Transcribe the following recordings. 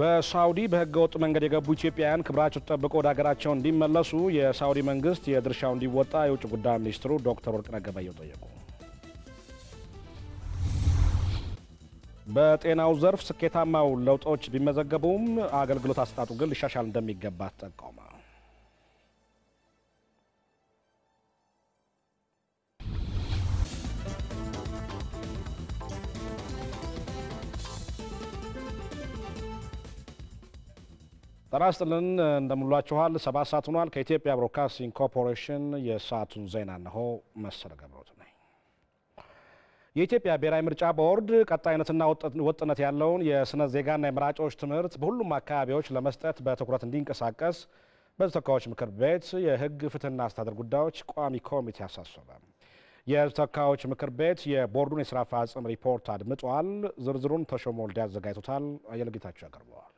በሳውዲ በህገወጥ መንገድ የገቡ ኢትዮጵያውያን ክብራቸው ተጠብቆ ወደ ሀገራቸው እንዲመለሱ የሳውዲ መንግስት የድርሻው እንዲወጣ የውጭ ጉዳይ ሚኒስትሩ ዶክተር ወርቅነህ ገበየሁ ጠየቁ። በጤናው ዘርፍ ስኬታማው ለውጦች ቢመዘገቡም አገልግሎት አሰጣጡ ግን ሊሻሻል እንደሚገባ ጠቆመ። ጤና ይስጥልን እንደምንሏችኋል። ሰባት ሰዓት ሆኗል። ከኢትዮጵያ ብሮድካስቲንግ ኮርፖሬሽን የሰዓቱን ዜና እነሆ። መሰለ ገብሮት ነኝ። የኢትዮጵያ ብሔራዊ ምርጫ ቦርድ ቀጣይነትና ወጥነት ያለውን የስነ ዜጋና የመራጮች ትምህርት በሁሉም አካባቢዎች ለመስጠት በትኩረት እንዲንቀሳቀስ በሕዝብ ተወካዮች ምክር ቤት የሕግ ፍትሕና አስተዳደር ጉዳዮች ቋሚ ኮሚቴ አሳሰበ። የሕዝብ ተወካዮች ምክር ቤት የቦርዱን የስራ አፈጻጸም ሪፖርት አድምጧል። ዝርዝሩን ተሾመ ወልዴ አዘጋጅቶታል። አየለ ጌታቸው ያቀርበዋል።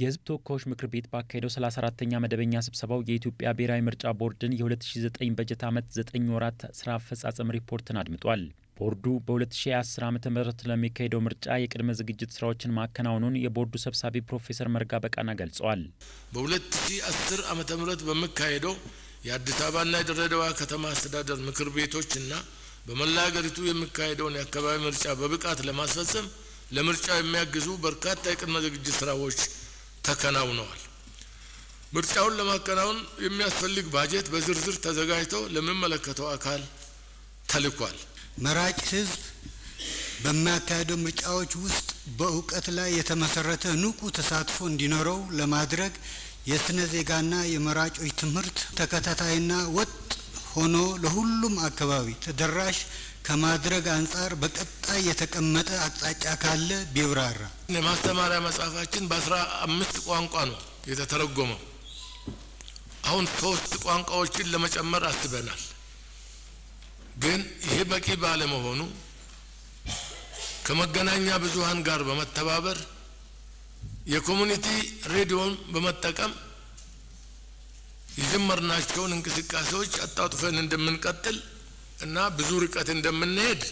የህዝብ ተወካዮች ምክር ቤት ባካሄደው 34ተኛ መደበኛ ስብሰባው የኢትዮጵያ ብሔራዊ ምርጫ ቦርድን የ2009 በጀት ዓመት 9 ወራት ስራ አፈጻጸም ሪፖርትን አድምጧል። ቦርዱ በ2010 ዓ ም ለሚካሄደው ምርጫ የቅድመ ዝግጅት ስራዎችን ማከናወኑን የቦርዱ ሰብሳቢ ፕሮፌሰር መርጋ በቃና ገልጸዋል። በ2010 ዓ ም በሚካሄደው የአዲስ አበባና የድሬዳዋ ከተማ አስተዳደር ምክር ቤቶችና በመላ ሀገሪቱ የሚካሄደውን የአካባቢ ምርጫ በብቃት ለማስፈጸም ለምርጫ የሚያግዙ በርካታ የቅድመ ዝግጅት ስራዎች ተከናውነዋል። ምርጫውን ለማከናወን የሚያስፈልግ ባጀት በዝርዝር ተዘጋጅቶ ለሚመለከተው አካል ተልኳል። መራጭ ህዝብ በሚያካሄደው ምርጫዎች ውስጥ በእውቀት ላይ የተመሰረተ ንቁ ተሳትፎ እንዲኖረው ለማድረግ የስነ ዜጋና የመራጮች ትምህርት ተከታታይና ወጥ ሆኖ ለሁሉም አካባቢ ተደራሽ ከማድረግ አንጻር በቀጣይ የተቀመጠ አቅጣጫ ካለ ቢብራራ። የማስተማሪያ መጽሐፋችን በአስራ አምስት ቋንቋ ነው የተተረጎመው። አሁን ሶስት ቋንቋዎችን ለመጨመር አስበናል። ግን ይሄ በቂ ባለመሆኑ ከመገናኛ ብዙሃን ጋር በመተባበር የኮሚኒቲ ሬዲዮን በመጠቀም የጀመርናቸውን እንቅስቃሴዎች አጣጥፈን እንደምንቀጥል እና ብዙ ርቀት እንደምንሄድ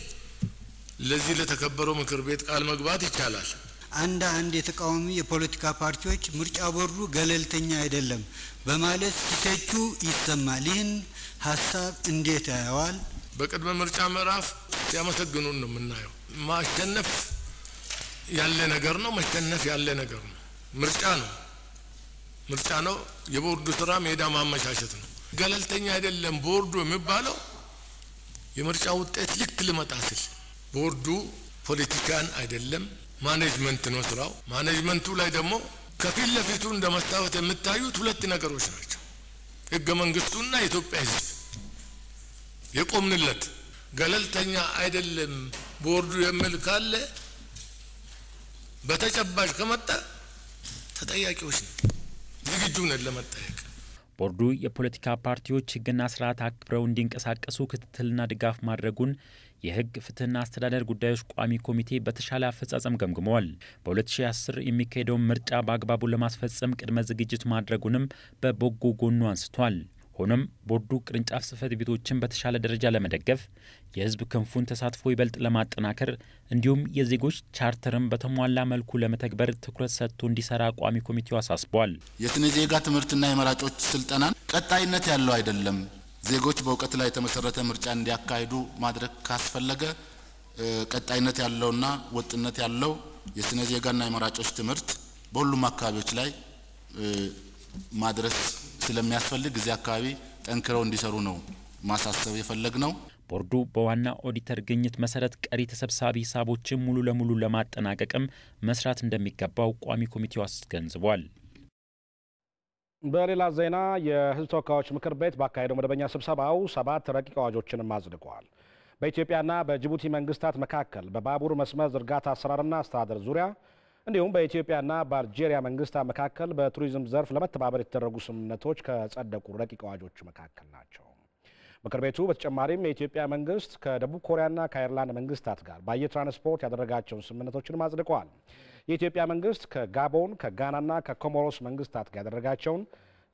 ለዚህ ለተከበረው ምክር ቤት ቃል መግባት ይቻላል። አንዳንድ የተቃዋሚ የፖለቲካ ፓርቲዎች ምርጫ ቦርዱ ገለልተኛ አይደለም በማለት ሲተቹ ይሰማል። ይህን ሀሳብ እንዴት ያየዋል? በቅድመ ምርጫ ምዕራፍ ሲያመሰግኑን ነው የምናየው። ማሸነፍ ያለ ነገር ነው። መሸነፍ ያለ ነገር ነው። ምርጫ ነው። ምርጫ ነው። የቦርዱ ስራ ሜዳ ማመቻቸት ነው። ገለልተኛ አይደለም ቦርዱ የሚባለው የምርጫ ውጤት ልክ ልመጣ ስል ቦርዱ ፖለቲካን አይደለም ማኔጅመንት ነው ስራው። ማኔጅመንቱ ላይ ደግሞ ከፊት ለፊቱ እንደ መስታወት የምታዩት ሁለት ነገሮች ናቸው፣ ህገ መንግስቱና የኢትዮጵያ ህዝብ የቆምንለት። ገለልተኛ አይደለም ቦርዱ የሚል ካለ በተጨባጭ ከመጣ ተጠያቂዎች ዝግጁ ነን ለመጠየቅ። ቦርዱ የፖለቲካ ፓርቲዎች ህግና ስርዓት አክብረው እንዲንቀሳቀሱ ክትትልና ድጋፍ ማድረጉን የህግ ፍትህና አስተዳደር ጉዳዮች ቋሚ ኮሚቴ በተሻለ አፈጻጸም ገምግመዋል። በ2010 የሚካሄደውን ምርጫ በአግባቡ ለማስፈጸም ቅድመ ዝግጅት ማድረጉንም በበጎ ጎኑ አንስቷል። ሆኖም ቦርዱ ቅርንጫፍ ጽህፈት ቤቶችን በተሻለ ደረጃ ለመደገፍ የህዝብ ክንፉን ተሳትፎ ይበልጥ ለማጠናከር እንዲሁም የዜጎች ቻርተርን በተሟላ መልኩ ለመተግበር ትኩረት ሰጥቶ እንዲሰራ ቋሚ ኮሚቴው አሳስቧል። የስነ ዜጋ ትምህርትና የመራጮች ስልጠናን ቀጣይነት ያለው አይደለም። ዜጎች በእውቀት ላይ የተመሰረተ ምርጫ እንዲያካሂዱ ማድረግ ካስፈለገ ቀጣይነት ያለውና ወጥነት ያለው የስነ ዜጋና የመራጮች ትምህርት በሁሉም አካባቢዎች ላይ ማድረስ ስለሚያስፈልግ እዚህ አካባቢ ጠንክረው እንዲሰሩ ነው ማሳሰብ የፈለግ ነው። ቦርዱ በዋና ኦዲተር ግኝት መሰረት ቀሪ ተሰብሳቢ ሂሳቦችን ሙሉ ለሙሉ ለማጠናቀቅም መስራት እንደሚገባው ቋሚ ኮሚቴው አስገንዝቧል። በሌላ ዜና የሕዝብ ተወካዮች ምክር ቤት ባካሄደው መደበኛ ስብሰባው ሰባት ረቂቅ አዋጆችንም አጽድቀዋል። በኢትዮጵያና በጅቡቲ መንግስታት መካከል በባቡር መስመር ዝርጋታ አሰራርና አስተዳደር ዙሪያ እንዲሁም በኢትዮጵያና በአልጄሪያ መንግስታት መካከል በቱሪዝም ዘርፍ ለመተባበር የተደረጉ ስምምነቶች ከጸደቁ ረቂቅ አዋጆች መካከል ናቸው። ምክር ቤቱ በተጨማሪም የኢትዮጵያ መንግስት ከደቡብ ኮሪያና ከአይርላንድ መንግስታት ጋር በአየር ትራንስፖርት ያደረጋቸውን ስምነቶችን አጽድቀዋል። የኢትዮጵያ መንግስት ከጋቦን ከጋናና ከኮሞሮስ መንግስታት ጋር ያደረጋቸውን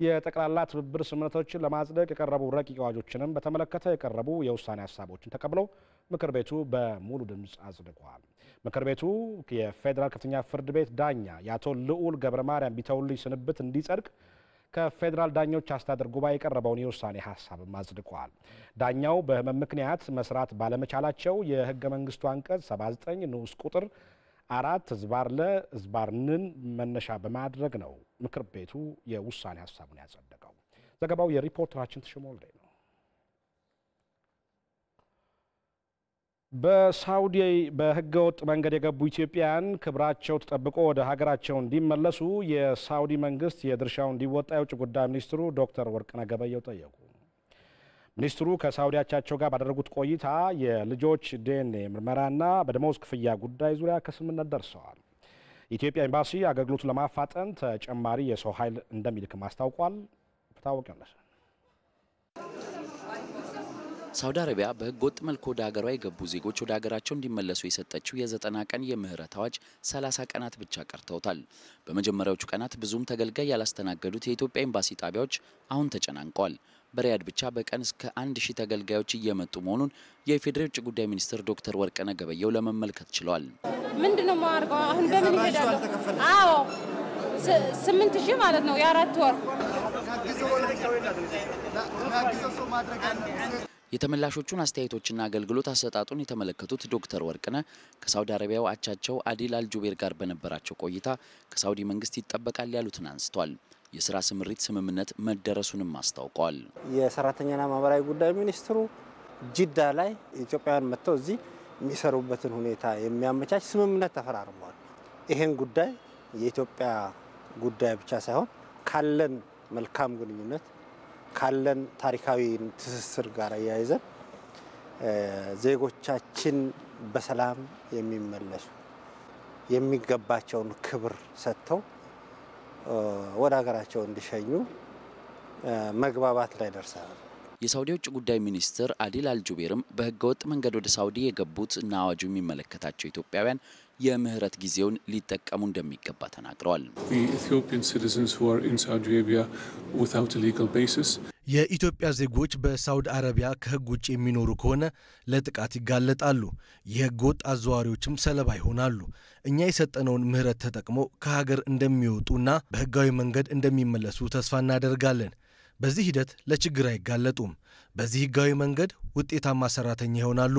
የጠቅላላ ትብብር ስምምነቶችን ለማጽደቅ የቀረቡ ረቂቅ አዋጆችንም በተመለከተ የቀረቡ የውሳኔ ሀሳቦችን ተቀብለው ምክር ቤቱ በሙሉ ድምፅ አጽድቋል። ምክር ቤቱ የፌዴራል ከፍተኛ ፍርድ ቤት ዳኛ የአቶ ልዑል ገብረ ማርያም ቢተውልጅ ስንብት እንዲጸድቅ ከፌዴራል ዳኞች አስተዳደር ጉባኤ የቀረበውን የውሳኔ ሀሳብም አጽድቀዋል። ዳኛው በህመም ምክንያት መስራት ባለመቻላቸው የህገ መንግስቱ አንቀጽ 79 ንዑስ ቁጥር አራት ዝባር ለ ንን መነሻ በማድረግ ነው ምክር ቤቱ የውሳኔ ሀሳቡን ያጸደቀው። ዘገባው የሪፖርተራችን ተሾመ ነው። በሳውዲ በህገወጥ መንገድ የገቡ ኢትዮጵያውያን ክብራቸው ተጠብቆ ወደ ሀገራቸው እንዲመለሱ የሳውዲ መንግስት የድርሻው እንዲወጣ የውጭ ጉዳይ ሚኒስትሩ ዶክተር ወርቅነህ ገበየሁ ጠየቁ። ሚኒስትሩ ከሳውዲ አቻቸው ጋር ባደረጉት ቆይታ የልጆች ዲኤንኤ ምርመራና በደሞዝ ክፍያ ጉዳይ ዙሪያ ከስምምነት ደርሰዋል። የኢትዮጵያ ኤምባሲ አገልግሎቱን ለማፋጠን ተጨማሪ የሰው ኃይል እንደሚልክም አስታውቋል። ታወቀ ሳውዲ አረቢያ በሕገ ወጥ መልኩ ወደ ሀገሯ የገቡ ዜጎች ወደ ሀገራቸው እንዲመለሱ የሰጠችው የዘጠና ቀን የምህረት አዋጅ 30 ቀናት ብቻ ቀርተውታል። በመጀመሪያዎቹ ቀናት ብዙም ተገልጋይ ያላስተናገዱት የኢትዮጵያ ኤምባሲ ጣቢያዎች አሁን ተጨናንቀዋል። በሪያድ ብቻ በቀን እስከ አንድ ሺህ ተገልጋዮች እየመጡ መሆኑን የኢፌዴሪ ውጭ ጉዳይ ሚኒስትር ዶክተር ወርቅነ ገበየው ለመመልከት ችለዋል። ምንድነው ማርገው አሁን በምን ይሄዳለሁ? አዎ ስምንት ሺህ ማለት ነው የአራት ወር የተመላሾቹን አስተያየቶችና አገልግሎት አሰጣጡን የተመለከቱት ዶክተር ወርቅነ ከሳውዲ አረቢያው አቻቸው አዲል አልጁቤር ጋር በነበራቸው ቆይታ ከሳውዲ መንግስት ይጠበቃል ያሉትን አንስቷል። የስራ ስምሪት ስምምነት መደረሱንም አስታውቀዋል። የሰራተኛና ማህበራዊ ጉዳይ ሚኒስትሩ ጅዳ ላይ ኢትዮጵያውያን መጥተው እዚህ የሚሰሩበትን ሁኔታ የሚያመቻች ስምምነት ተፈራርመዋል። ይሄን ጉዳይ የኢትዮጵያ ጉዳይ ብቻ ሳይሆን ካለን መልካም ግንኙነት ካለን ታሪካዊ ትስስር ጋር አያይዘን ዜጎቻችን በሰላም የሚመለሱ የሚገባቸውን ክብር ሰጥተው ወደ ሀገራቸው እንዲሸኙ መግባባት ላይ ደርሰናል። የሳውዲ ውጭ ጉዳይ ሚኒስትር አዲል አልጁቤርም በህገወጥ መንገድ ወደ ሳውዲ የገቡት እና አዋጁ የሚመለከታቸው ኢትዮጵያውያን የምህረት ጊዜውን ሊጠቀሙ እንደሚገባ ተናግረዋል። የኢትዮጵያ ዜጎች በሳውዲ አረቢያ ከህግ ውጭ የሚኖሩ ከሆነ ለጥቃት ይጋለጣሉ። የህገ ወጥ አዘዋዋሪዎችም ሰለባ ይሆናሉ። እኛ የሰጠነውን ምህረት ተጠቅመው ከሀገር እንደሚወጡና በህጋዊ መንገድ እንደሚመለሱ ተስፋ እናደርጋለን። በዚህ ሂደት ለችግር አይጋለጡም። በዚህ ህጋዊ መንገድ ውጤታማ ሰራተኛ ይሆናሉ፣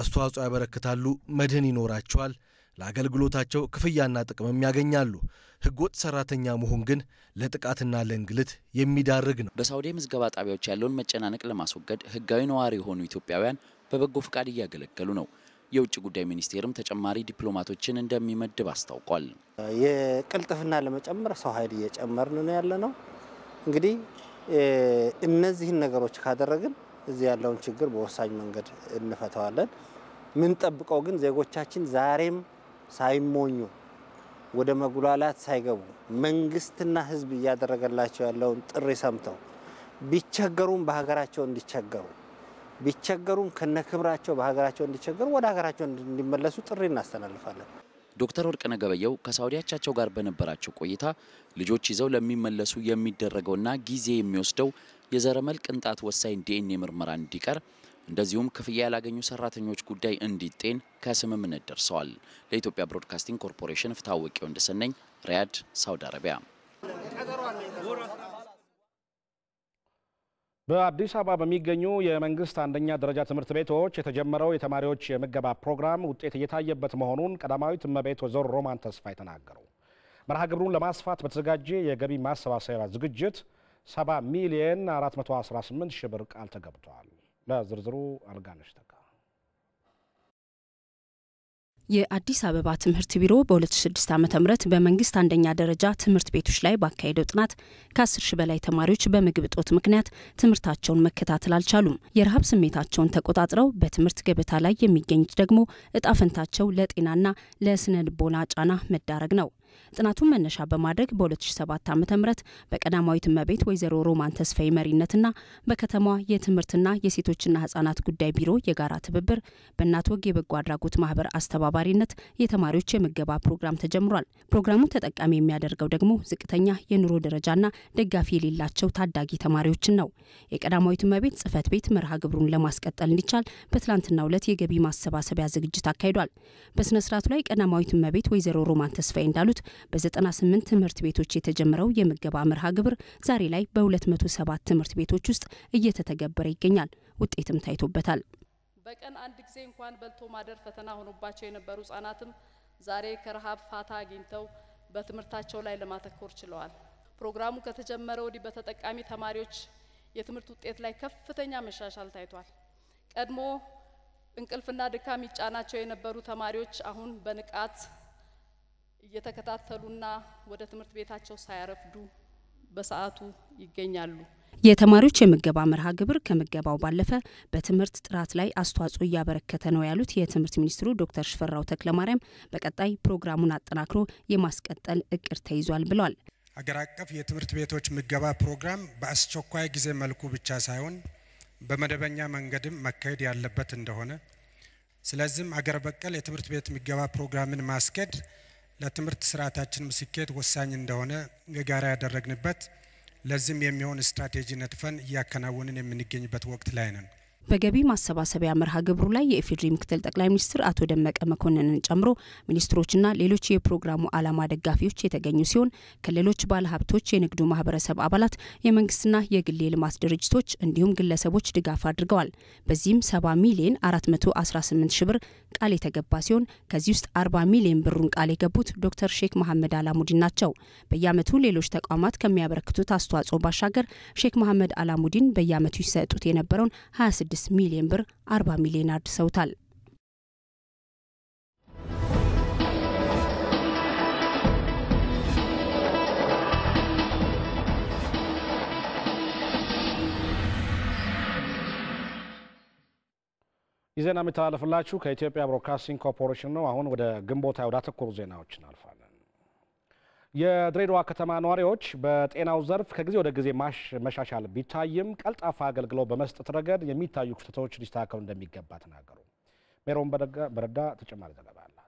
አስተዋጽኦ ያበረክታሉ፣ መድህን ይኖራቸዋል። ለአገልግሎታቸው ክፍያና ጥቅምም ያገኛሉ። ህገወጥ ሰራተኛ መሆን ግን ለጥቃትና ለእንግልት የሚዳርግ ነው። በሳውዲ ምዝገባ ጣቢያዎች ያለውን መጨናነቅ ለማስወገድ ህጋዊ ነዋሪ የሆኑ ኢትዮጵያውያን በበጎ ፍቃድ እያገለገሉ ነው። የውጭ ጉዳይ ሚኒስቴርም ተጨማሪ ዲፕሎማቶችን እንደሚመድብ አስታውቋል። የቅልጥፍና ለመጨመር ሰው ኃይል እየጨመርን ነው ያለ ነው። እንግዲህ እነዚህን ነገሮች ካደረግን እዚህ ያለውን ችግር በወሳኝ መንገድ እንፈተዋለን። ምንጠብቀው ግን ዜጎቻችን ዛሬም ሳይሞኙ ወደ መጉላላት ሳይገቡ መንግስትና ህዝብ እያደረገላቸው ያለውን ጥሪ ሰምተው ቢቸገሩም በሀገራቸው እንዲቸገሩ ቢቸገሩም ከነክብራቸው በሀገራቸው እንዲቸገሩ ወደ ሀገራቸው እንዲመለሱ ጥሪ እናስተላልፋለን። ዶክተር ወርቅነህ ገበየሁ ከሳውዲያቻቸው ጋር በነበራቸው ቆይታ ልጆች ይዘው ለሚመለሱ የሚደረገውና ጊዜ የሚወስደው የዘረመል ቅንጣት ወሳኝ ዲኤንኤ ምርመራ እንዲቀር እንደዚሁም ክፍያ ያላገኙ ሰራተኞች ጉዳይ እንዲጤን ከስምምነት ደርሰዋል። ለኢትዮጵያ ብሮድካስቲንግ ኮርፖሬሽን ፍትሐ እንደሰነኝ ሪያድ፣ ሳውዲ አረቢያ። በአዲስ አበባ በሚገኙ የመንግስት አንደኛ ደረጃ ትምህርት ቤቶች የተጀመረው የተማሪዎች የምገባ ፕሮግራም ውጤት እየታየበት መሆኑን ቀዳማዊት እመቤት ወይዘሮ ሮማን ተስፋዬ ተናገሩ። መርሃ ግብሩን ለማስፋት በተዘጋጀ የገቢ ማሰባሰቢያ ዝግጅት 70 ሚሊየን 418 ሺህ ብር ቃል ተገብተዋል። ለዝርዝሩ አልጋነሽ ተካ የአዲስ አበባ ትምህርት ቢሮ በ2006 ዓ ም በመንግስት አንደኛ ደረጃ ትምህርት ቤቶች ላይ ባካሄደው ጥናት ከ10 ሺ በላይ ተማሪዎች በምግብ እጦት ምክንያት ትምህርታቸውን መከታተል አልቻሉም። የረሃብ ስሜታቸውን ተቆጣጥረው በትምህርት ገበታ ላይ የሚገኙት ደግሞ እጣፈንታቸው ለጤናና ለስነ ልቦና ጫና መዳረግ ነው። ጥናቱን መነሻ በማድረግ በ2007 ዓ ም በቀዳማዊት እመቤት ወይዘሮ ሮማን ተስፋይ መሪነትና በከተማዋ የትምህርትና የሴቶችና ህጻናት ጉዳይ ቢሮ የጋራ ትብብር በእናት ወግ የበጎ አድራጎት ማህበር አስተባባሪነት የተማሪዎች የምገባ ፕሮግራም ተጀምሯል። ፕሮግራሙ ተጠቃሚ የሚያደርገው ደግሞ ዝቅተኛ የኑሮ ደረጃና ደጋፊ የሌላቸው ታዳጊ ተማሪዎችን ነው። የቀዳማዊት እመቤት ጽህፈት ቤት መርሃ ግብሩን ለማስቀጠል እንዲቻል በትላንትናው ዕለት የገቢ ማሰባሰቢያ ዝግጅት አካሂዷል። በስነ ስርዓቱ ላይ ቀዳማዊት እመቤት ወይዘሮ ሮማን ተስፋዬ እንዳሉት በ98 ትምህርት ቤቶች የተጀመረው የምገባ መርሃ ግብር ዛሬ ላይ በ207 ትምህርት ቤቶች ውስጥ እየተተገበረ ይገኛል። ውጤትም ታይቶበታል። በቀን አንድ ጊዜ እንኳን በልቶ ማደር ፈተና ሆኖባቸው የነበሩ ህጻናትም ዛሬ ከረሃብ ፋታ አግኝተው በትምህርታቸው ላይ ለማተኮር ችለዋል። ፕሮግራሙ ከተጀመረ ወዲህ በተጠቃሚ ተማሪዎች የትምህርት ውጤት ላይ ከፍተኛ መሻሻል ታይቷል። ቀድሞ እንቅልፍና ድካም ይጫናቸው የነበሩ ተማሪዎች አሁን በንቃት እየተከታተሉና ወደ ትምህርት ቤታቸው ሳያረፍዱ በሰዓቱ ይገኛሉ። የተማሪዎች የምገባ መርሃ ግብር ከምገባው ባለፈ በትምህርት ጥራት ላይ አስተዋጽኦ እያበረከተ ነው ያሉት የትምህርት ሚኒስትሩ ዶክተር ሽፈራው ተክለማርያም በቀጣይ ፕሮግራሙን አጠናክሮ የማስቀጠል እቅድ ተይዟል ብሏል። አገር አቀፍ የትምህርት ቤቶች ምገባ ፕሮግራም በአስቸኳይ ጊዜ መልኩ ብቻ ሳይሆን በመደበኛ መንገድም መካሄድ ያለበት እንደሆነ ስለዚህም አገር በቀል የትምህርት ቤት ምገባ ፕሮግራምን ማስኬድ ለትምህርት ስርዓታችን ስኬት ወሳኝ እንደሆነ የጋራ ያደረግንበት ለዚህም የሚሆን ስትራቴጂ ነጥፈን እያከናወንን የምንገኝበት ወቅት ላይ ነን። በገቢ ማሰባሰቢያ መርሃ ግብሩ ላይ የኢፌዴሪ ምክትል ጠቅላይ ሚኒስትር አቶ ደመቀ መኮንንን ጨምሮ ሚኒስትሮችና ሌሎች የፕሮግራሙ ዓላማ ደጋፊዎች የተገኙ ሲሆን ክልሎች፣ ባለሀብቶች፣ የንግዱ ማህበረሰብ አባላት፣ የመንግስትና የግል የልማት ድርጅቶች እንዲሁም ግለሰቦች ድጋፍ አድርገዋል። በዚህም 70 ሚሊዮን 418 ሺህ ብር ቃል የተገባ ሲሆን ከዚህ ውስጥ 40 ሚሊዮን ብሩን ቃል የገቡት ዶክተር ሼክ መሐመድ አላሙዲን ናቸው። በየአመቱ ሌሎች ተቋማት ከሚያበረክቱት አስተዋጽኦ ባሻገር ሼክ መሐመድ አላሙዲን በየአመቱ ይሰጡት የነበረውን 26 6 ሚሊዮን ብር 40 ሚሊዮን አድሰውታል። የዜና የሚተላለፍላችሁ ከኢትዮጵያ ብሮድካስቲንግ ኮርፖሬሽን ነው። አሁን ወደ ግንቦት ወደ አተኮሩ ዜናዎች እናልፋለን። የድሬዳዋ ከተማ ነዋሪዎች በጤናው ዘርፍ ከጊዜ ወደ ጊዜ መሻሻል ቢታይም ቀልጣፋ አገልግሎት በመስጠት ረገድ የሚታዩ ክፍተቶች ሊስተካከሉ እንደሚገባ ተናገሩ። ሜሮን በረዳ ተጨማሪ ዘገባ አላት።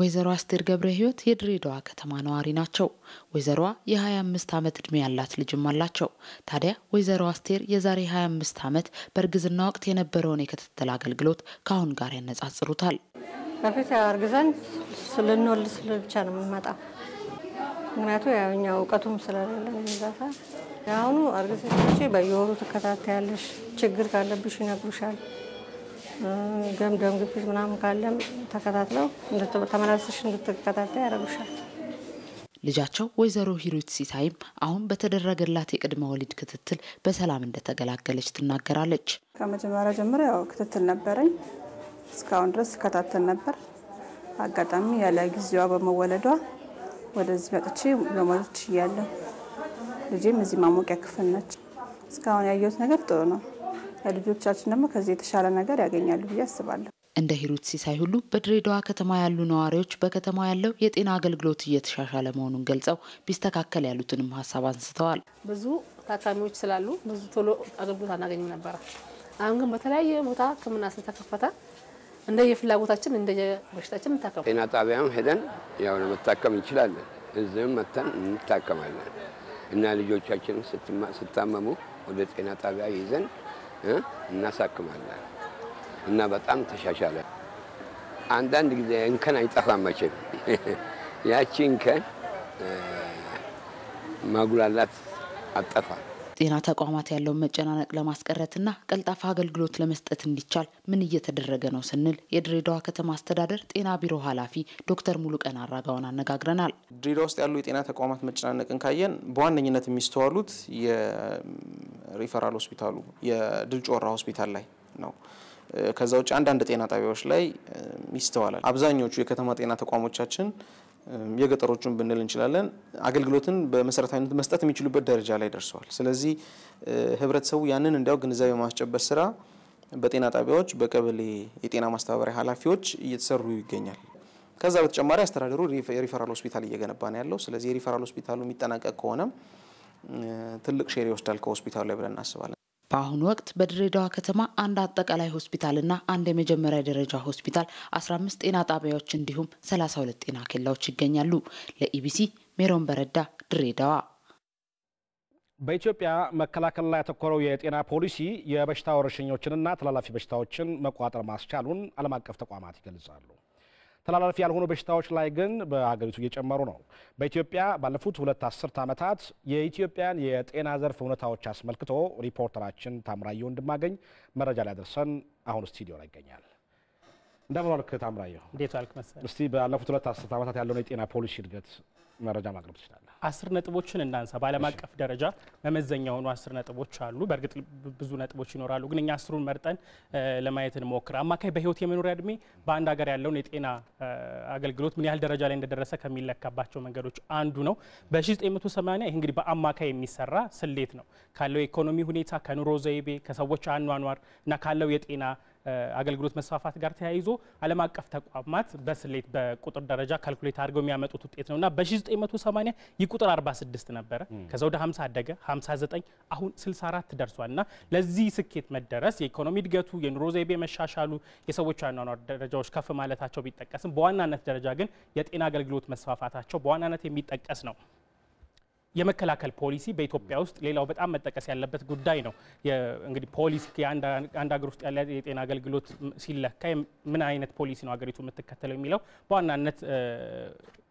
ወይዘሮ አስቴር ገብረ ህይወት የድሬዳዋ ከተማ ነዋሪ ናቸው። ወይዘሮዋ የ25 ዓመት ዕድሜ ያላት ልጅም አላቸው። ታዲያ ወይዘሮ አስቴር የዛሬ 25 ዓመት በእርግዝና ወቅት የነበረውን የክትትል አገልግሎት ከአሁን ጋር ያነጻጽሩታል። በፊት አርግዘን ስልንወልድ ስል ብቻ ነው የምንመጣው። ምክንያቱ ያው እኛ እውቀቱም ስለሌለን ዛሳ አሁኑ አርግዘች በየወሩ ትከታተያለሽ። ችግር ካለብሽ ይነግሩሻል። ገም ደም ግፊት ምናምን ካለም ተከታትለው ተመላልሰሽ እንድትከታተያ ያደርጉሻል። ልጃቸው ወይዘሮ ሂሩት ሲሳይም አሁን በተደረገላት የቅድመ ወሊድ ክትትል በሰላም እንደተገላገለች ትናገራለች። ከመጀመሪያ ጀምሮ ያው ክትትል ነበረኝ። እስካሁን ድረስ ከታተል ነበር። አጋጣሚ ያለ ጊዜዋ በመወለዷ ወደዚህ መጥቼ ለሞች እያለሁ ልጄም እዚህ ማሞቂያ ክፍል ነች። እስካሁን ያየሁት ነገር ጥሩ ነው። ለልጆቻችን ደግሞ ከዚህ የተሻለ ነገር ያገኛሉ ብዬ አስባለሁ። እንደ ሂሩት ሲሳይ ሁሉ በድሬዳዋ ከተማ ያሉ ነዋሪዎች በከተማ ያለው የጤና አገልግሎት እየተሻሻለ መሆኑን ገልጸው ቢስተካከል ያሉትንም ሀሳብ አንስተዋል። ብዙ ታካሚዎች ስላሉ ብዙ ቶሎ አገልግሎት አናገኝም ነበራል አሁን ግን በተለያየ ቦታ ሕክምና ስለተከፈተ እንደየ እንደየበሽታችን እንታከም። ጤና ጣቢያም ሄደን ያው ለመታከም እንችላለን። እዚህም መተን እንታከማለን እና ልጆቻችን ስታመሙ ወደ ጤና ጣቢያ ይዘን እናሳክማለን እና በጣም ተሻሻለ። አንዳንድ ጊዜ እንከን አይጠፋም መቼም። ያቺ እንከን ማጉላላት አጠፋ ጤና ተቋማት ያለውን መጨናነቅ ለማስቀረትና ቀልጣፋ አገልግሎት ለመስጠት እንዲቻል ምን እየተደረገ ነው ስንል የድሬዳዋ ከተማ አስተዳደር ጤና ቢሮ ኃላፊ ዶክተር ሙሉቀን አራጋውን አነጋግረናል። ድሬዳዋ ውስጥ ያሉ የጤና ተቋማት መጨናነቅን ካየን በዋነኝነት የሚስተዋሉት የሪፈራል ሆስፒታሉ የድልጮራ ሆስፒታል ላይ ነው። ከዛ ውጭ አንዳንድ ጤና ጣቢያዎች ላይ ይስተዋላል። አብዛኞቹ የከተማ ጤና ተቋሞቻችን የገጠሮቹን ብንል እንችላለን አገልግሎትን በመሰረታዊነት መስጠት የሚችሉበት ደረጃ ላይ ደርሰዋል። ስለዚህ ህብረተሰቡ ያንን እንዲያው ግንዛቤ ማስጨበጥ ስራ በጤና ጣቢያዎች፣ በቀበሌ የጤና ማስተባበሪያ ኃላፊዎች እየተሰሩ ይገኛል። ከዛ በተጨማሪ አስተዳደሩ የሪፈራል ሆስፒታል እየገነባ ነው ያለው። ስለዚህ የሪፈራል ሆስፒታሉ የሚጠናቀቅ ከሆነም ትልቅ ሼር ይወስዳል ከሆስፒታሉ ላይ ብለን እናስባለን። በአሁኑ ወቅት በድሬዳዋ ከተማ አንድ አጠቃላይ ሆስፒታልና አንድ የመጀመሪያ ደረጃ ሆስፒታል 15 ጤና ጣቢያዎች እንዲሁም 32 ጤና ኬላዎች ይገኛሉ። ለኢቢሲ ሜሮን በረዳ ድሬዳዋ። በኢትዮጵያ መከላከል ላይ ያተኮረው የጤና ፖሊሲ የበሽታ ወረርሽኞችንና ተላላፊ በሽታዎችን መቋጠር ማስቻሉን ዓለም አቀፍ ተቋማት ይገልጻሉ። ተላላፊ ያልሆኑ በሽታዎች ላይ ግን በሀገሪቱ እየጨመሩ ነው። በኢትዮጵያ ባለፉት ሁለት አስርት ዓመታት የኢትዮጵያን የጤና ዘርፍ እውነታዎች አስመልክቶ ሪፖርተራችን ታምራየሁ እንድማገኝ መረጃ ላይ ደርሰን አሁን ስቱዲዮ ላይ ይገኛል። እንደምን ዋልክ ታምራየ? እንዴት ዋልክ መሰለህ። እስቲ ባለፉት ሁለት አስርት ዓመታት ያለውን የጤና ፖሊሲ እድገት መረጃ ማቅረብ ትችላለህ? አስር ነጥቦችን እናንሳ። በዓለም አቀፍ ደረጃ መመዘኛ የሆኑ አስር ነጥቦች አሉ። በእርግጥ ብዙ ነጥቦች ይኖራሉ፣ ግን እኛ አስሩን መርጠን ለማየት እንሞክር። አማካይ በህይወት የመኖሪያ እድሜ በአንድ ሀገር ያለውን የጤና አገልግሎት ምን ያህል ደረጃ ላይ እንደደረሰ ከሚለካባቸው መንገዶች አንዱ ነው። በ1980 ይህ እንግዲህ በአማካይ የሚሰራ ስሌት ነው። ካለው የኢኮኖሚ ሁኔታ፣ ከኑሮ ዘይቤ፣ ከሰዎች አኗኗር እና ካለው የጤና አገልግሎት መስፋፋት ጋር ተያይዞ ዓለም አቀፍ ተቋማት በስሌት በቁጥር ደረጃ ካልኩሌት አድርገው የሚያመጡት ውጤት ነው እና በ1980 ይህ ቁጥር 46 ነበረ። ከዛ ወደ 50 አደገ፣ 59 አሁን 64 ደርሷል። እና ለዚህ ስኬት መደረስ የኢኮኖሚ እድገቱ፣ የኑሮ ዘይቤ መሻሻሉ፣ የሰዎች አኗኗር ደረጃዎች ከፍ ማለታቸው ቢጠቀስም በዋናነት ደረጃ ግን የጤና አገልግሎት መስፋፋታቸው በዋናነት የሚጠቀስ ነው። የመከላከል ፖሊሲ በኢትዮጵያ ውስጥ ሌላው በጣም መጠቀስ ያለበት ጉዳይ ነው። እንግዲህ ፖሊሲ አንድ ሀገር ውስጥ ያለ የጤና አገልግሎት ሲለካ ምን አይነት ፖሊሲ ነው ሀገሪቱ የምትከተለው የሚለው በዋናነት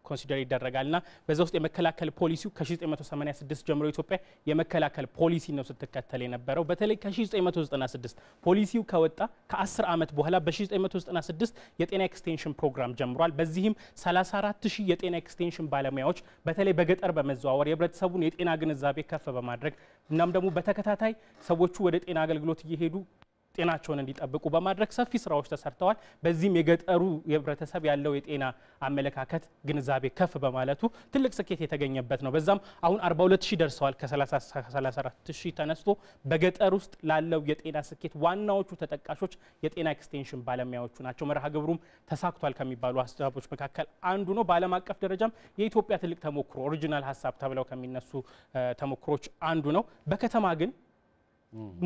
ኮንሲደር ይደረጋል ና በዛ ውስጥ የመከላከል ፖሊሲው ከ1986 ጀምሮ ኢትዮጵያ የመከላከል ፖሊሲ ነው ስትከተል የነበረው። በተለይ ከ1996 ፖሊሲው ከወጣ ከ10 ዓመት በኋላ በ1996 የጤና ኤክስቴንሽን ፕሮግራም ጀምሯል። በዚህም 34 ሺህ የጤና ኤክስቴንሽን ባለሙያዎች በተለይ በገጠር በመዘዋወር የህብረተሰቡን የጤና ግንዛቤ ከፍ በማድረግ እናም ደግሞ በተከታታይ ሰዎቹ ወደ ጤና አገልግሎት እየሄዱ ጤናቸውን እንዲጠብቁ በማድረግ ሰፊ ስራዎች ተሰርተዋል። በዚህም የገጠሩ የህብረተሰብ ያለው የጤና አመለካከት ግንዛቤ ከፍ በማለቱ ትልቅ ስኬት የተገኘበት ነው። በዛም አሁን 42 ሺህ ደርሰዋል። ከ34 ሺህ ተነስቶ በገጠር ውስጥ ላለው የጤና ስኬት ዋናዎቹ ተጠቃሾች የጤና ኤክስቴንሽን ባለሙያዎቹ ናቸው። መርሃ ግብሩም ተሳክቷል ከሚባሉ ሀሳቦች መካከል አንዱ ነው። በዓለም አቀፍ ደረጃም የኢትዮጵያ ትልቅ ተሞክሮ ኦሪጂናል ሀሳብ ተብለው ከሚነሱ ተሞክሮች አንዱ ነው። በከተማ ግን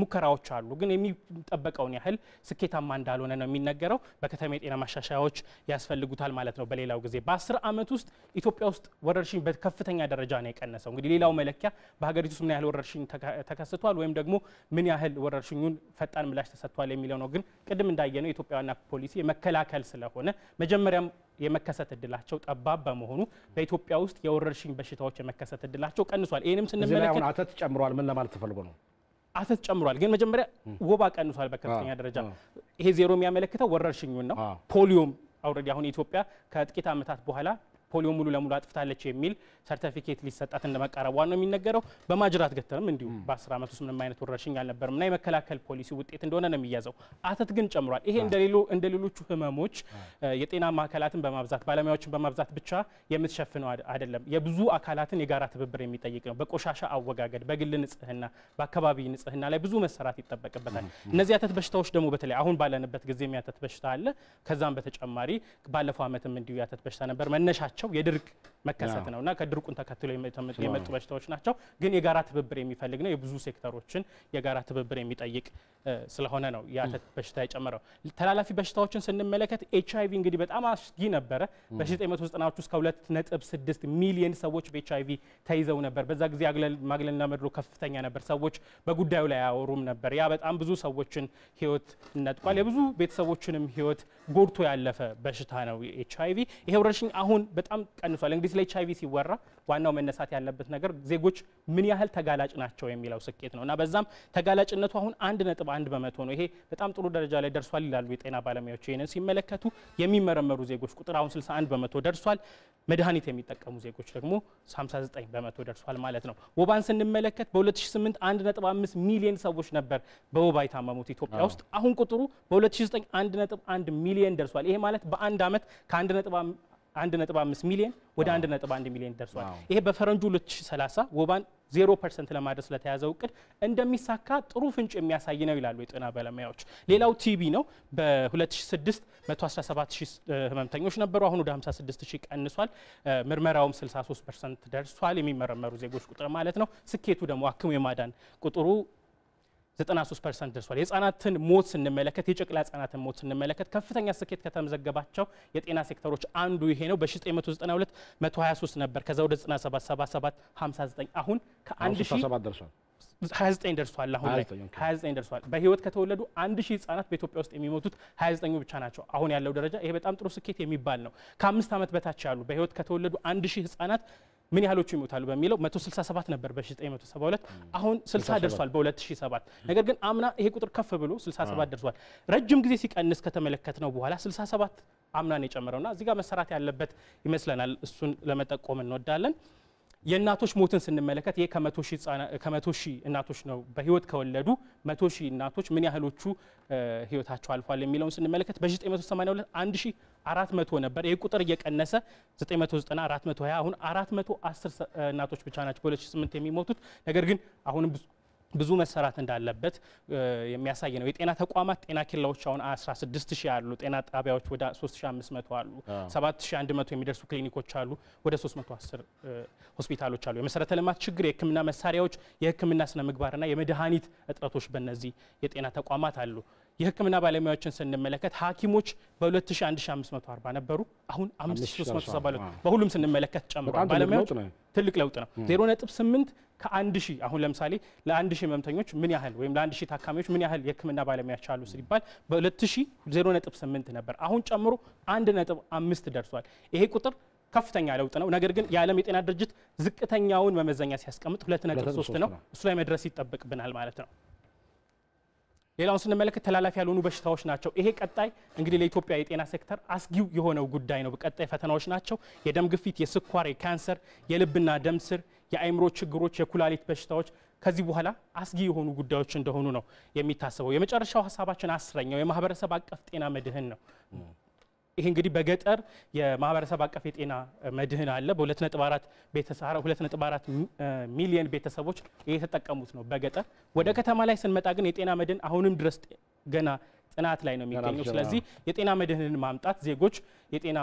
ሙከራዎች አሉ፣ ግን የሚጠበቀውን ያህል ስኬታማ እንዳልሆነ ነው የሚነገረው። በከተማ የጤና ማሻሻያዎች ያስፈልጉታል ማለት ነው። በሌላው ጊዜ በአስር ዓመት ውስጥ ኢትዮጵያ ውስጥ ወረርሽኝ በከፍተኛ ደረጃ ነው የቀነሰው። እንግዲህ ሌላው መለኪያ በሀገሪቱ ውስጥ ምን ያህል ወረርሽኝ ተከስቷል ወይም ደግሞ ምን ያህል ወረርሽኙን ፈጣን ምላሽ ተሰጥቷል የሚለው ነው። ግን ቅድም እንዳየነው የኢትዮጵያ ዋና ፖሊሲ የመከላከል ስለሆነ መጀመሪያም የመከሰት እድላቸው ጠባብ በመሆኑ በኢትዮጵያ ውስጥ የወረርሽኝ በሽታዎች የመከሰት እድላቸው ቀንሷል። ይህንም ስንመለከት አተት ጨምሯል። ምን ለማለት ተፈልጎ ነው? አተት ጨምሯል፣ ግን መጀመሪያ ወባ ቀንሷል በከፍተኛ ደረጃ። ይሄ ዜሮ የሚያመለክተው ወረርሽኙን ነው። ፖሊዮም አውረዲ አሁን ኢትዮጵያ ከጥቂት ዓመታት በኋላ ፖሊዮ ሙሉ ለሙሉ አጥፍታለች የሚል ሰርተፊኬት ሊሰጣት እንደመቃረቧ ነው የሚነገረው። በማጅራት ገተርም እንዲሁም በ10 ዓመት ውስጥ ምንም አይነት ወረርሽኝ አልነበርም እና የመከላከል ፖሊሲ ውጤት እንደሆነ ነው የሚያዘው። አተት ግን ጨምሯል። ይሄ እንደ ሌሎቹ ህመሞች የጤና ማዕከላትን በማብዛት ባለሙያዎችን በማብዛት ብቻ የምትሸፍነው አይደለም። የብዙ አካላትን የጋራ ትብብር የሚጠይቅ ነው። በቆሻሻ አወጋገድ፣ በግል ንጽህና፣ በአካባቢ ንጽህና ላይ ብዙ መሰራት ይጠበቅበታል። እነዚህ አተት በሽታዎች ደግሞ በተለይ አሁን ባለንበት ጊዜ የሚያተት በሽታ አለ። ከዛም በተጨማሪ ባለፈው ዓመትም እንዲሁ ያተት በሽታ ነበር መነሻ ናቸው የድርቅ መከሰት ነው እና ከድርቁን ተከትሎ የመጡ በሽታዎች ናቸው። ግን የጋራ ትብብር የሚፈልግ ነው። የብዙ ሴክተሮችን የጋራ ትብብር የሚጠይቅ ስለሆነ ነው የአተት በሽታ የጨመረው። ተላላፊ በሽታዎችን ስንመለከት ኤች አይቪ እንግዲህ በጣም አስጊ ነበረ። በ1990ዎቹ እስከ 2.6 ሚሊየን ሰዎች በኤች አይቪ ተይዘው ነበር። በዛ ጊዜ ማግለልና መድሎ ከፍተኛ ነበር። ሰዎች በጉዳዩ ላይ አያወሩም ነበር። ያ በጣም ብዙ ሰዎችን ህይወት ነጥቋል። የብዙ ቤተሰቦችንም ህይወት ጎድቶ ያለፈ በሽታ ነው ኤች አይ ቪ። ይሄ ወረርሽኝ አሁን በጣም ቀንሷል። እንግዲህ ስለ ኤች አይ ቪ ሲወራ ዋናው መነሳት ያለበት ነገር ዜጎች ምን ያህል ተጋላጭ ናቸው የሚለው ስኬት ነው እና በዛም ተጋላጭነቱ አሁን አንድ ነጥብ አንድ በመቶ ነው። ይሄ በጣም ጥሩ ደረጃ ላይ ደርሷል ይላሉ የጤና ባለሙያዎች። ይህንን ሲመለከቱ የሚመረመሩ ዜጎች ቁጥር አሁን 61 በመቶ ደርሷል። መድኃኒት የሚጠቀሙ ዜጎች ደግሞ 59 በመቶ ደርሷል ማለት ነው። ወባን ስንመለከት በ2008 1.5 ሚሊዮን ሰዎች ነበር በወባ የታመሙት ኢትዮጵያ ውስጥ። አሁን ቁጥሩ በ2009 1.1 ሚሊዮን ሚሊዮን ደርሷል። ይሄ ማለት በአንድ ዓመት ከአንድ ነጥብ 1.5 ነጥብ ሚሊዮን ወደ 1.1 ነጥብ ሚሊዮን ደርሷል። ይሄ በፈረንጁ 2030 ወባን 0 ለማድረስ ለተያዘው እቅድ እንደሚሳካ ጥሩ ፍንጭ የሚያሳይ ነው ይላሉ የጤና ባለሙያዎች። ሌላው ቲቢ ነው። በ2006 117000 ህመምተኞች ነበሩ። አሁን ወደ 56000 ቀንሷል። ምርመራውም 63 ደርሷል። የሚመረመሩ ዜጎች ቁጥር ማለት ነው። ስኬቱ ደግሞ አክሙ የማዳን ቁጥሩ 93 ፐርሰንት ደርሷል። የህፃናትን ሞት ስንመለከት የጨቅላ ህጻናትን ሞት ስንመለከት ከፍተኛ ስኬት ከተመዘገባቸው የጤና ሴክተሮች አንዱ ይሄ ነው። በ1992 123 ነበር፣ ከዛ ወደ 97 59 አሁን ከ1 ደርሷል 29 ደርሷል። አሁን ላይ 29 ደርሷል። በህይወት ከተወለዱ 1000 ህጻናት በኢትዮጵያ ውስጥ የሚሞቱት 29ኙ ብቻ ናቸው። አሁን ያለው ደረጃ ይሄ በጣም ጥሩ ስኬት የሚባል ነው። ከአምስት ዓመት በታች ያሉ በህይወት ከተወለዱ 1000 ህጻናት ምን ያህሎቹ ይሞታሉ በሚለው 167 ነበር በ1972 አሁን 60 ደርሷል በ2007 ነገር ግን አምና ይሄ ቁጥር ከፍ ብሎ 67 ደርሷል። ረጅም ጊዜ ሲቀንስ ከተመለከት ነው በኋላ 67 አምናን የጨመረውና እዚህ ጋር መሰራት ያለበት ይመስለናል። እሱን ለመጠቆም እንወዳለን። የእናቶች ሞትን ስንመለከት ይሄ ከመቶ ሺህ እናቶች ነው በህይወት ከወለዱ መቶ ሺህ እናቶች ምን ያህሎቹ ህይወታቸው አልፏል የሚለውን ስንመለከት በ982 1400 ነበር። ይህ ቁጥር እየቀነሰ 990፣ 420 አሁን 410 እናቶች ብቻ ናቸው በ2008 የሚሞቱት ነገር ግን አሁንም ብዙ መሰራት እንዳለበት የሚያሳይ ነው። የጤና ተቋማት ጤና ኬላዎች አሁን 16000 አሉ ጤና ጣቢያዎች ወደ 3500 አሉ። 7100 የሚደርሱ ክሊኒኮች አሉ። ወደ 310 ሆስፒታሎች አሉ። የመሰረተ ልማት ችግር፣ የህክምና መሳሪያዎች፣ የህክምና ስነ ምግባርና የመድኃኒት እጥረቶች በእነዚህ የጤና ተቋማት አሉ። የህክምና ባለሙያዎችን ስንመለከት ሐኪሞች በ2540 ነበሩ። አሁን 5372 በሁሉም ስንመለከት ጨምሯል። ባለሙያዎች ትልቅ ለውጥ ነው። 0.8 ከ1000 አሁን ለምሳሌ ለአንድ 1000 ህመምተኞች ምን ያህል ወይም ለ1000 ታካሚዎች ምን ያህል የህክምና ባለሙያዎች አሉ ሲባል በ2000 0.8 ነበር። አሁን ጨምሮ 1.5 ደርሷል። ይሄ ቁጥር ከፍተኛ ለውጥ ነው። ነገር ግን የዓለም የጤና ድርጅት ዝቅተኛውን መመዘኛ ሲያስቀምጥ 2.3 ነው። እሱ ላይ መድረስ ይጠበቅብናል ማለት ነው። ሌላውን ስንመለከት ተላላፊ ያልሆኑ በሽታዎች ናቸው። ይሄ ቀጣይ እንግዲህ ለኢትዮጵያ የጤና ሴክተር አስጊው የሆነው ጉዳይ ነው። ቀጣይ ፈተናዎች ናቸው። የደም ግፊት፣ የስኳር፣ የካንሰር፣ የልብና ደም ስር፣ የአእምሮ ችግሮች፣ የኩላሊት በሽታዎች ከዚህ በኋላ አስጊ የሆኑ ጉዳዮች እንደሆኑ ነው የሚታሰበው። የመጨረሻው ሀሳባችን አስረኛው የማህበረሰብ አቀፍ ጤና መድህን ነው። ይሄ እንግዲህ በገጠር የማህበረሰብ አቀፍ የጤና መድህን አለ። በ2.4 ሚሊዮን ቤተሰቦች የተጠቀሙት ነው በገጠር። ወደ ከተማ ላይ ስንመጣ ግን የጤና መድህን አሁንም ድረስ ገና ጥናት ላይ ነው የሚገኘው። ስለዚህ የጤና መድህንን ማምጣት ዜጎች የጤና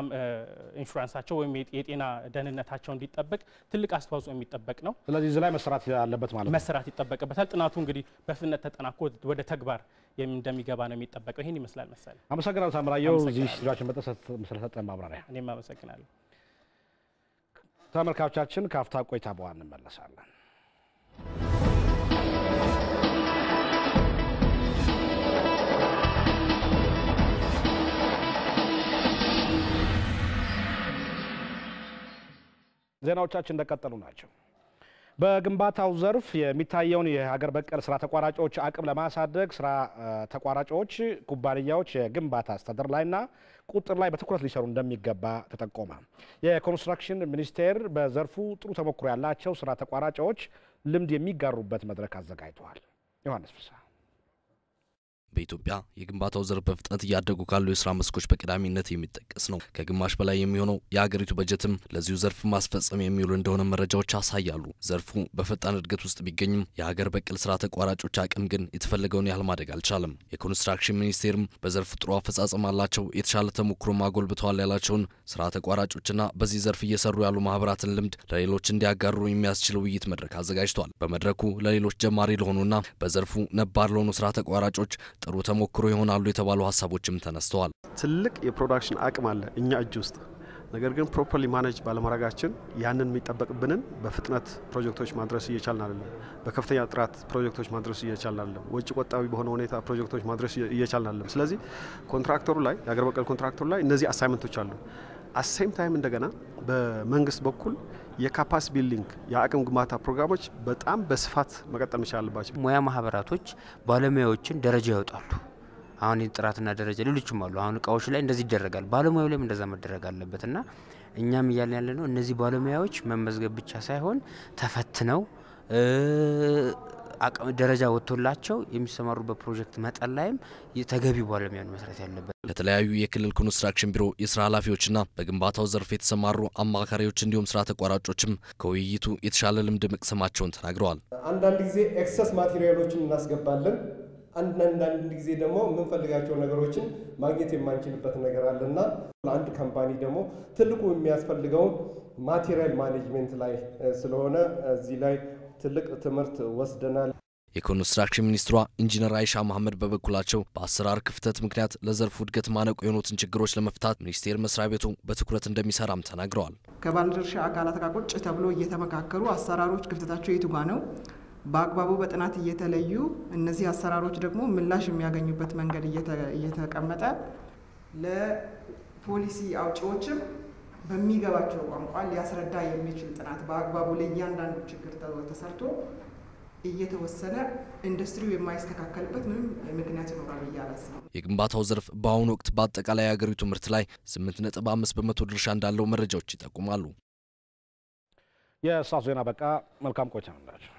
ኢንሹራንሳቸው ወይም የጤና ደህንነታቸው እንዲጠበቅ ትልቅ አስተዋጽኦ የሚጠበቅ ነው። ስለዚህ እዚህ ላይ መሰራት ያለበት ማለት ነው፣ መሰራት ይጠበቅበታል። ጥናቱ እንግዲህ በፍጥነት ተጠናኮ ወደ ተግባር እንደሚገባ ነው የሚጠበቀው። ይህን ይመስላል መሰለኝ። አመሰግናለሁ ታምራየው፣ እዚህ ስራችን መጠሰት ስለሰጠን ማብራሪያ። እኔም አመሰግናለሁ። ተመልካቾቻችን ከአፍታ ቆይታ በኋላ እንመለሳለን። ዜናዎቻችን እንደቀጠሉ ናቸው። በግንባታው ዘርፍ የሚታየውን የሀገር በቀል ስራ ተቋራጮች አቅም ለማሳደግ ስራ ተቋራጮች ኩባንያዎች የግንባታ አስተዳደር ላይና ቁጥር ላይ በትኩረት ሊሰሩ እንደሚገባ ተጠቆመ። የኮንስትራክሽን ሚኒስቴር በዘርፉ ጥሩ ተሞክሮ ያላቸው ስራ ተቋራጮች ልምድ የሚጋሩበት መድረክ አዘጋጅተዋል። ዮሐንስ ፍስሐ በኢትዮጵያ የግንባታው ዘርፍ በፍጥነት እያደጉ ካሉ የስራ መስኮች በቀዳሚነት የሚጠቀስ ነው። ከግማሽ በላይ የሚሆነው የሀገሪቱ በጀትም ለዚሁ ዘርፍ ማስፈጸም የሚውሉ እንደሆነ መረጃዎች ያሳያሉ። ዘርፉ በፈጣን እድገት ውስጥ ቢገኝም የሀገር በቀል ስራ ተቋራጮች አቅም ግን የተፈለገውን ያህል ማደግ አልቻለም። የኮንስትራክሽን ሚኒስቴርም በዘርፉ ጥሩ አፈጻጸም አላቸው፣ የተሻለ ተሞክሮ ማጎልብተዋል ያላቸውን ስራ ተቋራጮችና በዚህ ዘርፍ እየሰሩ ያሉ ማህበራትን ልምድ ለሌሎች እንዲያጋሩ የሚያስችል ውይይት መድረክ አዘጋጅቷል። በመድረኩ ለሌሎች ጀማሪ ለሆኑና በዘርፉ ነባር ለሆኑ ስራ ተቋራጮች ጥሩ ተሞክሮ ይሆናሉ የተባሉ ሀሳቦችም ተነስተዋል። ትልቅ የፕሮዳክሽን አቅም አለ እኛ እጅ ውስጥ ነገር ግን ፕሮፐርሊ ማኔጅ ባለማድረጋችን ያንን የሚጠበቅብንን በፍጥነት ፕሮጀክቶች ማድረስ እየቻልን አይደለም። በከፍተኛ ጥራት ፕሮጀክቶች ማድረስ እየቻልን አይደለም። ወጪ ቆጣቢ በሆነ ሁኔታ ፕሮጀክቶች ማድረስ እየቻልን አይደለም። ስለዚህ ኮንትራክተሩ ላይ የአገር በቀል ኮንትራክተሩ ላይ እነዚህ አሳይመንቶች አሉ። አሴም ታይም እንደገና በመንግስት በኩል የካፓስ ቢልዲንግ የአቅም ግንባታ ፕሮግራሞች በጣም በስፋት መቀጠል መቻል አለባቸው። ሙያ ማህበራቶች ባለሙያዎችን ደረጃ ያወጣሉ። አሁን የጥራትና ደረጃ ሌሎችም አሉ። አሁን እቃዎች ላይ እንደዚህ ይደረጋል፣ ባለሙያው ላይም እንደዛ መደረግ አለበት እና እኛም እያለ ያለ ነው እነዚህ ባለሙያዎች መመዝገብ ብቻ ሳይሆን ተፈትነው አቅም ደረጃ ወጥቶላቸው የሚሰማሩበት ፕሮጀክት መጠን ላይም ተገቢ ባለሙያን መስራት ያለበት ለተለያዩ የክልል ኮንስትራክሽን ቢሮ የስራ ኃላፊዎችና በግንባታው ዘርፍ የተሰማሩ አማካሪዎች እንዲሁም ስራ ተቋራጮችም ከውይይቱ የተሻለ ልምድ መቅሰማቸውን ተናግረዋል። አንዳንድ ጊዜ ኤክሰስ ማቴሪያሎችን እናስገባለን። አንዳንድ ጊዜ ደግሞ የምንፈልጋቸው ነገሮችን ማግኘት የማንችልበት ነገር አለና ለአንድ ካምፓኒ ደግሞ ትልቁ የሚያስፈልገውን ማቴሪያል ማኔጅመንት ላይ ስለሆነ እዚህ ላይ ትልቅ ትምህርት ወስደናል። የኮንስትራክሽን ሚኒስትሯ ኢንጂነር አይሻ መሐመድ በበኩላቸው በአሰራር ክፍተት ምክንያት ለዘርፉ እድገት ማነቁ የሆኑትን ችግሮች ለመፍታት ሚኒስቴር መስሪያ ቤቱ በትኩረት እንደሚሰራም ተናግረዋል። ከባለድርሻ አካላት ጋር ቁጭ ተብሎ እየተመካከሩ አሰራሮች ክፍተታቸው የቱ ጋ ነው፣ በአግባቡ በጥናት እየተለዩ እነዚህ አሰራሮች ደግሞ ምላሽ የሚያገኙበት መንገድ እየተቀመጠ ለፖሊሲ አውጪዎችም በሚገባቸው ቋንቋ ሊያስረዳ የሚችል ጥናት በአግባቡ ለእያንዳንዱ ችግር ተሰርቶ እየተወሰነ ኢንዱስትሪው የማይስተካከልበት ምንም ምክንያት ይኖራል እያለስ ነው። የግንባታው ዘርፍ በአሁኑ ወቅት በአጠቃላይ የሀገሪቱ ምርት ላይ ስምንት ነጥብ አምስት በመቶ ድርሻ እንዳለው መረጃዎች ይጠቁማሉ። የእሳት ዜና በቃ። መልካም ቆይታ ነው።